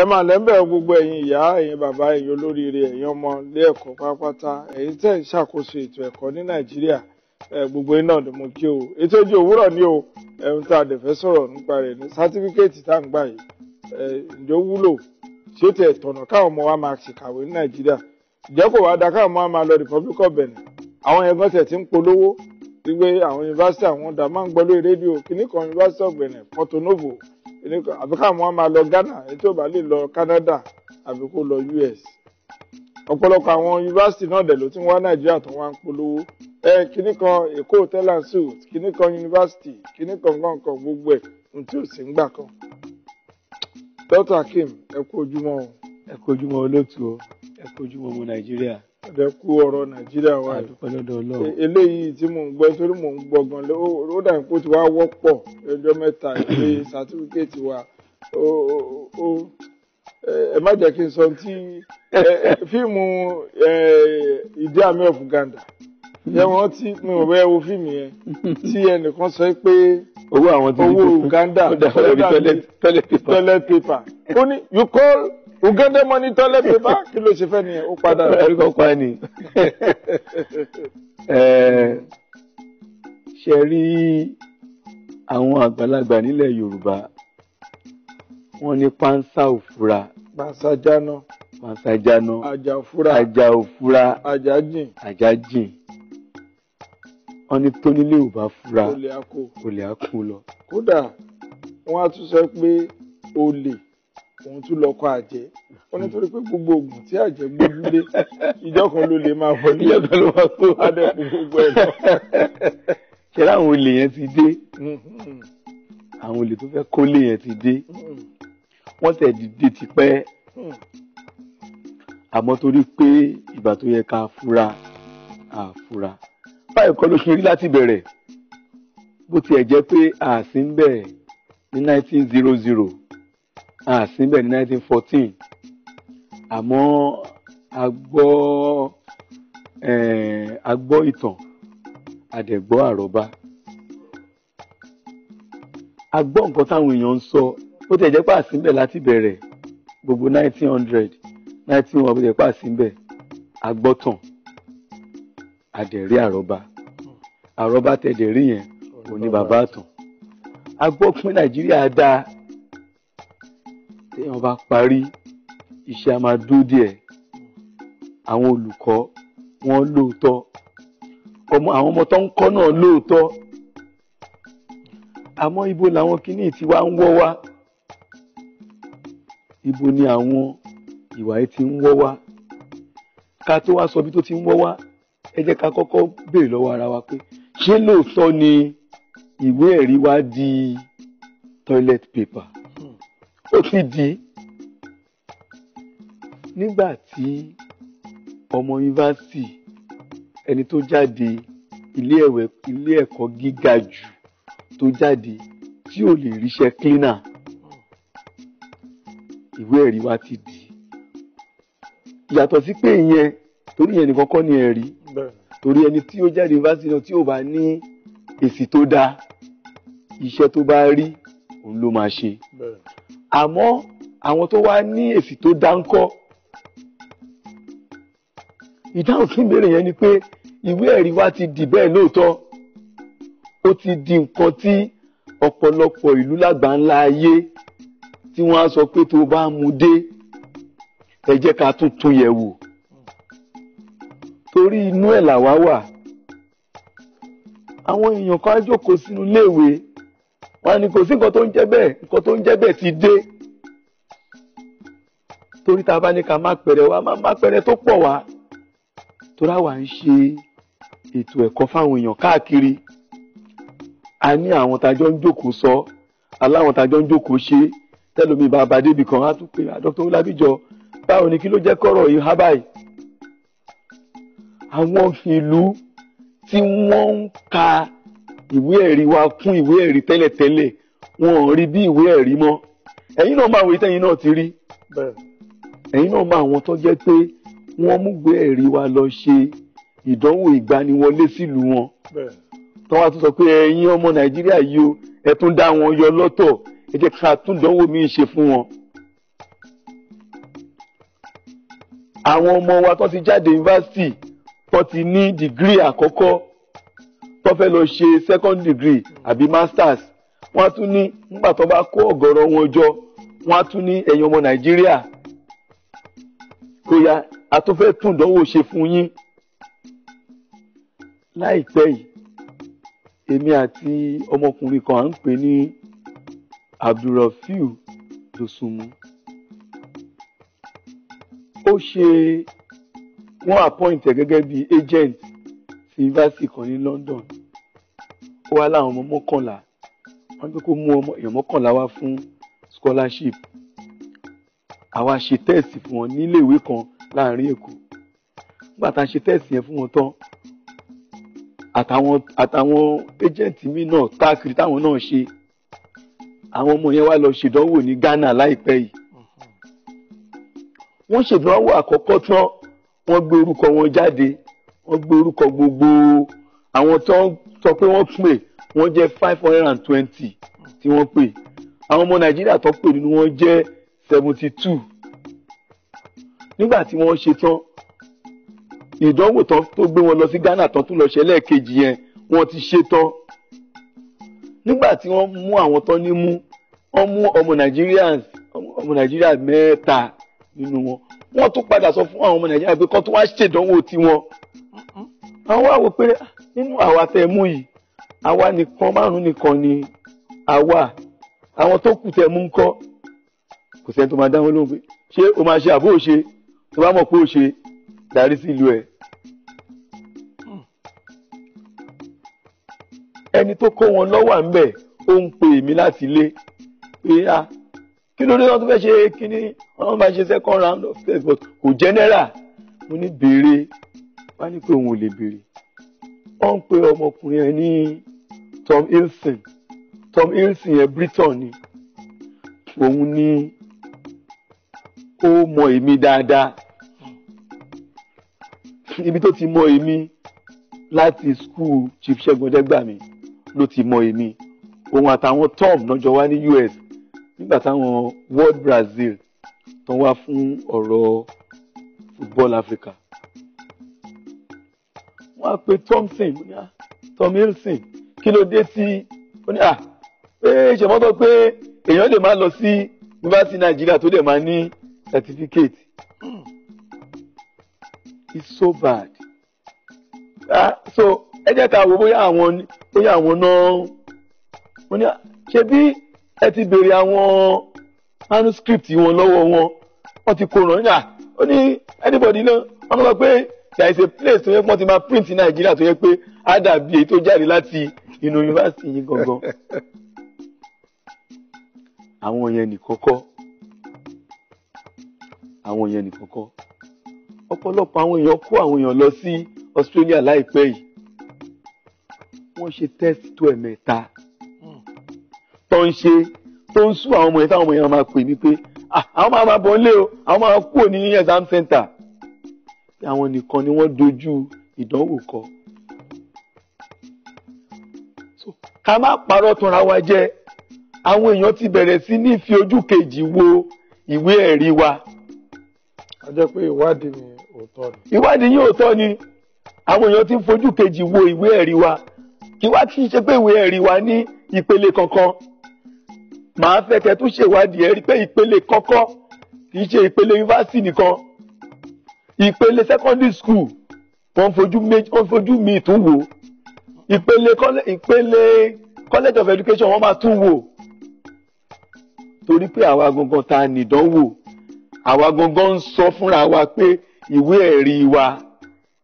ẹ máa lẹ́ńbẹ̀ gbogbo ẹ̀yin ìyá ẹ̀yin bàbá ẹ̀yin olóríire ẹ̀yin ọmọ ilé ẹ̀kọ́ pátápátá ẹ̀yin tẹ̀ ń ṣàkóso ètò ẹ̀kọ́ ní nàìjíríà gbogbo iná ni o ètò ojú ni o ẹ̀hún tá a dẹ̀ fẹ́ sọ̀rọ̀ nípa rẹ̀ ní sátífíkẹ́ẹ̀tì tá à ń gbà yìí ǹjẹ́ ó wúlò tí ó tẹ̀ tọ̀nà káwọn ọmọ wa máa ṣèkàwé Republic of Benin àwọn yẹn gan tẹ̀ ti ń polówó wípé àwọn yunifásitì àwọn àbí káwọn máa lọ Ghana ètò ìbá lè lọ Canada àbí kó lọ US ọ̀pọ̀lọpọ̀ àwọn yunifásitì náà dẹ̀ ló ti ń wá Nàìjíríà tó wá ń polówó ẹ kíní kan Èkó hotel and suit kíní kan yunifásitì kíní kan gbọ̀ngàn gbogbo ẹ̀ n tí ò sí ń gbà kan. Dr Akeem ẹ kú ojúmọ́ o. ẹ kú ojúmọ́ olóòtú o ẹ kú ojúmọ́ ọmọ Nàìjíríà àdẹ́kù ọ̀rọ̀ nàìjíríà wa e, eléyìí tí mò ń gbọ́ torí mò ń gbọ́ gan ó dà pé ó ti wá wọ́pọ̀ ẹjọ́ mẹ́ta ìwé sátífíkẹ́ẹ̀tì wa ẹ má jẹ́ kí n sọ tí fíìmù ìdí àmì of Uganda yẹn wọ́n ti mi ò bẹ́ẹ̀ wo fíìmù yẹn tí ẹnìkan sọ pé owó Uganda ó dàbí toilet paper ó ní you call uganda mọ́ni tọ́lẹ̀ pépà kí ló ṣe fẹ́ ni ó padà. ẹ̀rí kan pa ni ṣe rí àwọn àgbàlagbà nílẹ̀ yorùbá wọ́n ní pánsá òfura. pánsá jáná. pánsá jáná. àjà òfura. àjà òfura. àjà jìn. àjà jìn wọ́n ní tónílé ò bá fura olè àkó lọ. kódà wọ́n á tún sọ pé olè òun tún lọ kọ àjẹ ó ní torí pé gbogbo oògùn tí àjẹ gbójúlé ìjọ kan ló lè máa wọlé ìjọ kan ló máa tó adẹkùn gbogbo ẹ lọ. ṣé láwọn olè yẹn ti dé mm-hmm. àwọn olè tó fẹ́ kólé yẹn ti dé mm-hmm. wọ́n tẹ̀ dìde tipẹ́ mm-hmm. àmọ́ torí pé ìgbà tó yẹ ká fura àfura báyìí kọ́ ló ṣe rí láti bẹ̀rẹ̀ bó tiẹ̀ jẹ́ pé àsínbẹ̀ ní nineteen zero zero a ah, síbẹ̀ ní 1914 àmọ́ a gbọ́ eh, a gbọ́ ìtàn a dẹ̀ gbọ́ àròbá a gbọ́ nǹkan táwọn èèyàn ń sọ ó tẹ̀ jẹ́ pé síbẹ̀ láti bẹ̀rẹ̀ gbogbo 1900 19 wọn bó tẹ̀ pé a síbẹ̀ a gbọ́ tàn a dẹ̀ rí àròbá àròbá tẹ̀ yẹn òní bàbá àtàn a gbọ́ Nàìjíríà dáa téèyàn bá parí iṣẹ́ a máa dúró díẹ̀ àwọn olùkọ́ wọn lóòótọ́ ọmọ àwọn ọmọ tó ń kọ́ náà lóòótọ́ àmọ́ ibo làwọn kinní tí wá ń wọ́ wá ibo ni àwọn ìwà yìí ti ń wọ́ wá ká tó wá sọ bí tó ti ń wọ́ wá ẹ jẹ́ ká kọ́kọ́ béèrè lọ́wọ́ ara wa pé ṣé lóòótọ́ ni ìwé ẹ̀rí wa di toilet paper ó ti di nígbà tí ọmọ yunifásitì ẹni tó jáde ilé ẹ̀kọ́ gíga jù tó jáde tí ò lè ríṣẹ́ cleana ìwé ẹ̀rí wa ti di yàtọ̀ sí pé ìyẹn torí ìyẹn nìkan kọ́ ni ẹ̀rí torí ẹni tí ó jáde yunifásitì náà tí ò bá ní èsì tó dáa iṣẹ́ tó bá rí òun ló máa ṣe àmọ́ àwọn tó wá ní èsì tó dáńkọ́ ìdáhùn sí ìbéèrè yẹn ni pé ìwé ẹ̀rí wa ti dì bẹ́ẹ̀ lóòótọ́ ó ti di nǹkan tí ọ̀pọ̀lọpọ̀ ìlú lágbàńlá ayé tí wọ́n á sọ pé tó bá mu dé ẹ jẹ́ ká tún tún yẹ̀ wò torí inú ẹ̀ làwa wà àwọn èèyàn kan á jókòó sínú iléèwé wọ́n ní kò sí nǹkan tó ń jẹ́ bẹ́ẹ̀ nǹkan tó ń jẹ́ bẹ́ẹ̀ ti dé torí tá a bá ní ká má pẹ̀rẹ̀ wá má pẹ̀rẹ̀ tó pọ̀ wá torá wà ń ṣe ètò ẹ̀kọ́ fáwọn èèyàn káàkiri a ní àwọn tájọ́ ń jókòó sọ aláwọn tájọ́ ń jókòó ṣe tẹ́lómi bàbá débì kan á tún pè á dr olábíjọ báwo ni kí ló jẹ́ kọ́rọ̀ yìí há báyìí àwọn ìlú tí wọ́n ń ka ìwé ẹ̀rí wa kún ìwé ẹ̀rí tẹ́lẹ̀tẹ́lẹ̀ wọn ò rí bí ìwé ẹ̀rí mọ́ ẹ̀yin náà máa wòye tẹ́yin náà ti rí ẹ̀yin náà máa wọn tó jẹ́ pé wọ́n mú ìwé ẹ̀rí wa lọ ṣe ìdánwò ìgbaniwọlé sílùú wọn tó wá tún sọ pé ẹ̀yin ọmọ Nàìjíríà yìí o ẹ tún dá wọn yọ lọ́tọ̀ ẹ jẹ́ ká tún dánwò míì ṣe fún wọn. àwọn ọmọ wa tó ti jáde yunifásitì tó ti ní dìgírì àkọ́kọ́ tó fẹ́ lọ ṣe second degree àbí masters wọ́n á tún ní nígbà tó bá kó ọ̀gọ̀rọ̀ wọn jọ wọ́n á tún ní ẹ̀yin ọmọ nàìjíríà kóyá a tún fẹ́ tún ìdánwò ṣe fún yín láìpẹ́ yìí èmi àti ọmọkùnrin kan à ń pè ní abdulrafiu dosunmu ó ṣe wọ́n appoint ẹ̀ gẹ́gẹ́ bí agent yunifásitì kan ní London ó wá láwọn ọmọ mọ́kànlá wọ́n pé kó mú ọmọ èèyàn mọ́kànlá wá fún scholarship àwa ṣe tẹ́ẹ̀sì fún wọn nílé ìwé kan láàrin Èkó nígbà tá a ṣe tẹ́ẹ̀sì yẹn fún wọn tán àtàwọn àtàwọn ẹ́jẹ̀ǹtì mi náà táàkiri táwọn náà ṣe àwọn ọmọ yẹn wá lọ ṣèdánwò ní Ghana láìpẹ́ yìí wọ́n ṣèdánwò àkọ́kọ́ tán wọ́n gbé orúkọ wọn jáde wọ́n gbé orúkọ gbogbo àwọn tó ń sọ pé wọ́n pè wọ́n jẹ́ five hundred and twenty tí wọ́n pè àwọn ọmọ nàìjíríà tó pè nínú wọn jẹ́ seventy two nígbà tí wọ́n ṣe tán ìdánwò tán tó gbé wọn lọ sí Ghana tán tún lọ ṣe lẹ́ẹ̀kejì yẹn wọ́n ti ṣe tán nígbà tí wọ́n mú àwọn tán ní mú wọ́n mú ọmọ Nigerians ọmọ Nigeria mẹ́ta nínú wọn wọ́n tún padà sọ fún àwọn ọmọ Nigeria pé kó tún wá ṣèdánwò tiwọn àwọn àwò pé ah, nínú àwa tẹ mú yìí àwa nìkan márùn nìkan ni àwa àwọn tó kù tẹ mú ń kọ́ kò sẹ́ni tó máa dáhùn lóhùn pé ṣé o máa ṣe àbó òṣe tó bá mọ̀ pé òṣe darí sí ìlú ẹ̀. ẹni tó kó wọn lọ́wọ́ à ń bẹ̀ ó ń pè mí láti ilé pé a ah, kí ló dé wọn tó fẹ́ ṣe kínní wọn máa ṣe second round of test but kò general mo ní béèrè wá ní pé òun ò lè béèrè ó ń pe ọmọkùnrin ẹ ní Tom Hiddleston Tom Hiddleston yẹn Britain ni òun ní ó mọ èmi dáadáa ibi tó ti mọ èmi láti skul Chief Ṣẹ́gun Ọdẹ́gbàmí ló ti mọ èmi òun àtàwọn Tom náà wá ní US nígbà táwọn World Brazil tán wá fún ọ̀rọ̀ football Africa wọ́n á pe Thompson mo ní à ah, Tom kí ló dé tí mo ní à ah, pé ìṣèmọ́tò pé èèyàn lè máa lọ sí yunifásitì Nàìjíríà tó dẹ̀ máa ní certificate hmm. it's so bad ah so ẹ jẹ́ ká wo bóyá àwọn bóyá àwọn náà mo ní à ah, ṣe bí ẹ ti béèrè àwọn manuscript wọn lọ́wọ́ wọn wọ́n ti kó ràn yà ó ní anybody náà wọ́n sọ pé there is a place tó yẹ pé wọ́n ti máa print ní nàìjíríà tó yẹ pé á dàbí èyí tó jáde láti inú yunifásitì yìí gangan àwọn yẹn nìkan kọ́ àwọn yẹn nìkan kọ́ ọ̀pọ̀lọpọ̀ àwọn èèyàn kó àwọn èèyàn lọ sí Australia láìpẹ́ yìí wọ́n ṣe test tó ẹ̀mẹ́ta tó ń ṣe tó ń sú àwọn ọmọ yẹn táwọn ọmọ yẹn máa pè mí pé ah, àwọn máa máa bọ̀ ń lé o àwọn máa kúrò ní exam center àwọn nìkan ni wọ́n dojú ìdánwò kọ. ká má parọ́ tanra wa jẹ́ àwọn èèyàn ti bẹ̀rẹ̀ sí ní fi ojú kejì wo ìwé ẹ̀rí wa. a jẹ́ pé ìwádìí mi òótọ́ ni. ìwádìí yín òótọ́ ni àwọn èèyàn ti ń fojú kejì wo ìwé ẹ̀rí wa kí wá kí n ṣe pé ìwé ẹ̀rí wa ní ìpele kankan màá fẹ́ kẹ́ tún ṣèwádìí ẹ̀rí pé ìpele kọ́kọ́ kì í ṣe ìpele yunifásitì nìkan ìpele secondary school wọ́n fojú méjì wọ́n fojú mi tún wò ìpele ìpele college of education wọ́n máa tún wò torí pé àwa gangan ta nìdánwò àwa gangan ń sọ fúnra wa pé ìwé ẹ̀rí wa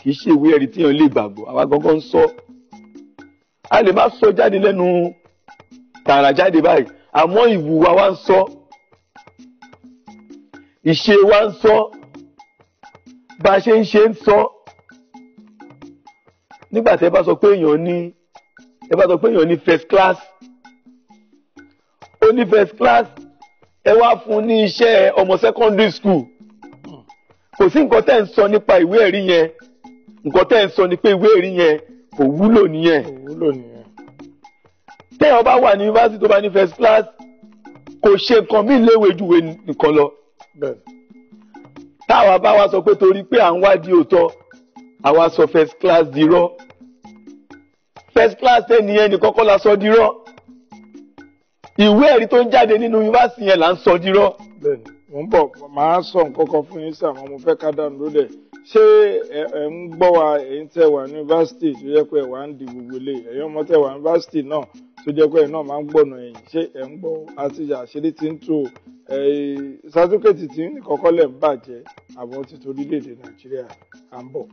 kì í ṣe ìwé ẹ̀rí tíyan lè gbàgbọ́ àwa gangan ń sọ a lè má sọ jáde lẹ́nu tààrà jáde báyìí àmọ́ ìwù wa wá ń sọ ìṣe wa ń sọ bá a ṣe ń ṣe ń sọ nígbà tẹ́ bá sọ pé èèyàn ní ẹ bá sọ pé èèyàn ní first class ó ní first class ẹ wá fún ní iṣẹ́ ọmọ secondary school kò sí nǹkan tẹ́ ń sọ nípa ìwé ẹ̀rí yẹn nǹkan tẹ́ ń sọ ni pé ìwé ẹ̀rí yẹn kò wúlò nìyẹn téèyàn bá wà ní yunifásitì tó bá ní first class kò ṣe nǹkan mí léwe júwe nìkan lọ táwa bá wá sọ pé torí pé à ń wádìí òótọ́ àwa sọ first class dirọ́ first class ẹnìyẹn nìkan kọ́ la sọ dirọ́ ìwé ẹ̀rí tó ń jáde nínú yunifásitì yẹn là ń sọ dirọ́. bẹ́ẹ̀ni mò ń bọ̀ màá sọ nǹkan kan fún yín sàmọ mo fẹ́ ká dànù lóde ṣé ẹ ń gbọ́ wa ẹ̀yin tẹ́ wà ní yunifásitì tó jẹ́ pé ẹ wà ń di gbogbo ilé ẹ̀yin ọmọ tẹ́ wà ní yunifásitì náà tó jẹ́ pé ẹ náà máa ń gbọ̀nà ẹ̀yìn ṣé ẹ ń gbọ́ àti àṣírí ti ń tú o Eh, sátífíkẹ́tì tí nìkọ́kọ́ lẹ̀ ń bàjẹ́ àwọn ti torílẹ̀-èdè nàìjíríà à ń bọ̀.